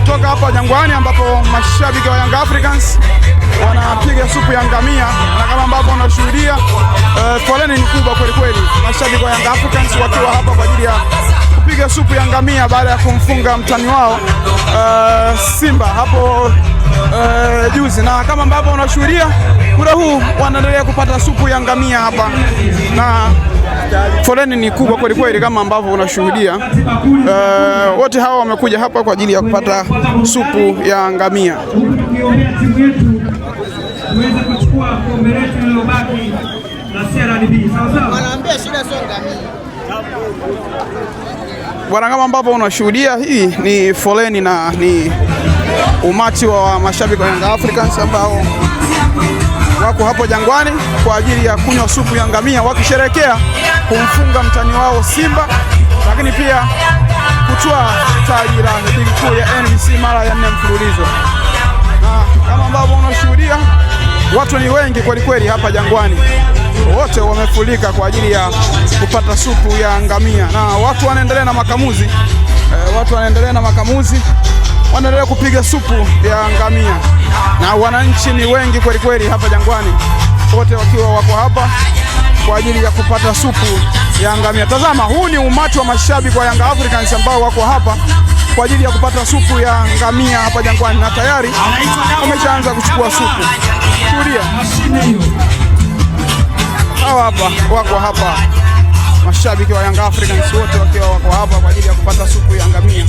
kutoka hapa Jangwani ambapo mashabiki wa Young Africans wanapiga supu ya ngamia, na kama ambavyo wanashuhudia eh, foleni uh, ni kubwa kweli kweli, mashabiki wa Young Africans wakiwa hapa kwa ajili ya kupiga supu ya ngamia baada ya kumfunga mtani wao uh, Simba hapo Eh, juzi, na kama ambavyo unashuhudia muda huu wanaendelea kupata supu ya ngamia hapa na foleni ni kubwa kweli kweli, kama ambavyo unashuhudia. Uh, eh, wote hawa wamekuja hapa kwa ajili ya kupata supu ya ngamia. Bwana, kama ambavyo unashuhudia, hii ni foleni na ni umati wa mashabiki wa Yanga Africans ambao wako hapo Jangwani kwa ajili ya kunywa supu ya ngamia wakisherekea kumfunga mtani wao Simba, lakini pia kutoa taji la ligi kuu ya NBC mara ya nne mfululizo. Na kama ambavyo unashuhudia, watu ni wengi kwelikweli hapa Jangwani, wote wamefurika kwa ajili ya kupata supu ya ngamia, na watu wanaendelea na makamuzi e, watu wanaendelea na makamuzi wanaendelea kupiga supu ya ngamia, na wananchi ni wengi kweli kweli hapa Jangwani, wote wakiwa wako hapa kwa ajili ya kupata supu ya ngamia. Tazama, huu ni umati wa mashabiki wa Yanga Africans ambao wako hapa kwa ajili ya kupata supu ya ngamia hapa Jangwani, na tayari wameshaanza kuchukua supu. Shuhudia hawa hapa, wako hapa mashabiki wa Yanga Africans wote wakiwa wako hapa kwa ajili ya kupata supu ya ngamia.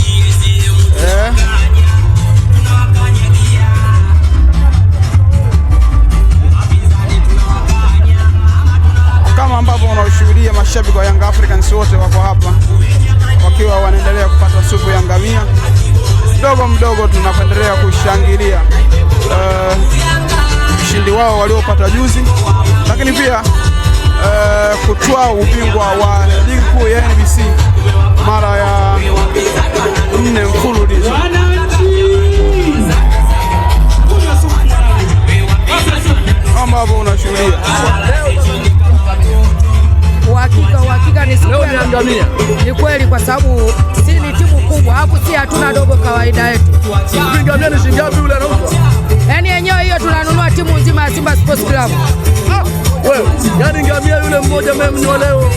mashabiki wa Young Africans wote wako hapa wakiwa wanaendelea kupata supu ya ngamia mdogo mdogo, tunapendelea kushangilia uh, eh, ushindi wao waliopata juzi, lakini pia uh, eh, kutoa ubingwa wa ligi kuu ya NBC mara ya nne mfululizo. ambapo unashuhudia uhakika, uhakika ni siku ya ngamia. Ni kweli kwa sababu si ni timu kubwa hapo, si hatuna dogo kawaida yetu. Ngamia ni shilingi ngapi yule anauza? Yaani yenyewe hiyo tunanunua timu nzima ya Simba Sports Club. Ah, Wewe, yani ngamia yule mmoja mmemnyoa leo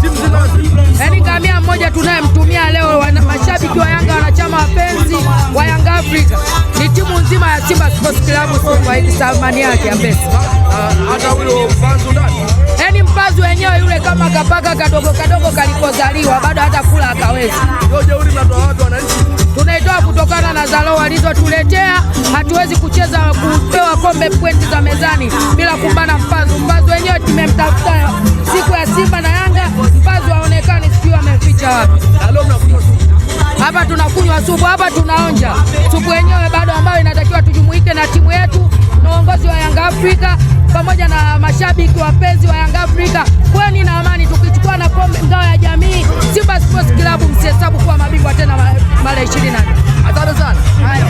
timu nzima ya yaani ngamia mmoja tunayemtumia leo, wana mashabiki wa Yanga, wanachama wapenzi wa Yanga Africa. ni timu nzima ya Simba Sports Club, kwa hiyo thamani yake ya pesa Ah, hata huyo kama kapaka kadogo kadogo kalikozaliwa bado hata kula akawezi. Tunaitoa kutokana na zalo walizotuletea. Hatuwezi kucheza kupewa kombe pointi za mezani bila kumbana mpazo. Mpazo wenyewe tumemtafuta siku ya Simba na Yanga, mpazo haonekani, sijui ameficha wapi. Hapa tunakunywa supu, hapa tunaonja supu yenyewe bado, ambayo inatakiwa tujumuike na timu yetu na uongozi wa Yanga Afrika pamoja na mashabiki wapenzi wa Yanga Afrika.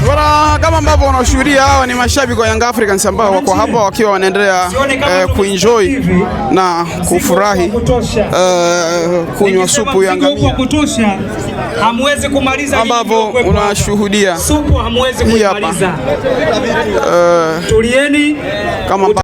Bora kama ambavyo wanaoshuhudia hawa ni mashabiki wa Young Africans ambao wako hapa wakiwa wanaendelea eh, kuenjoy na kufurahi eh, kunywa supu ya ngamia ambavyo unashuhudia hii hapa eh, kama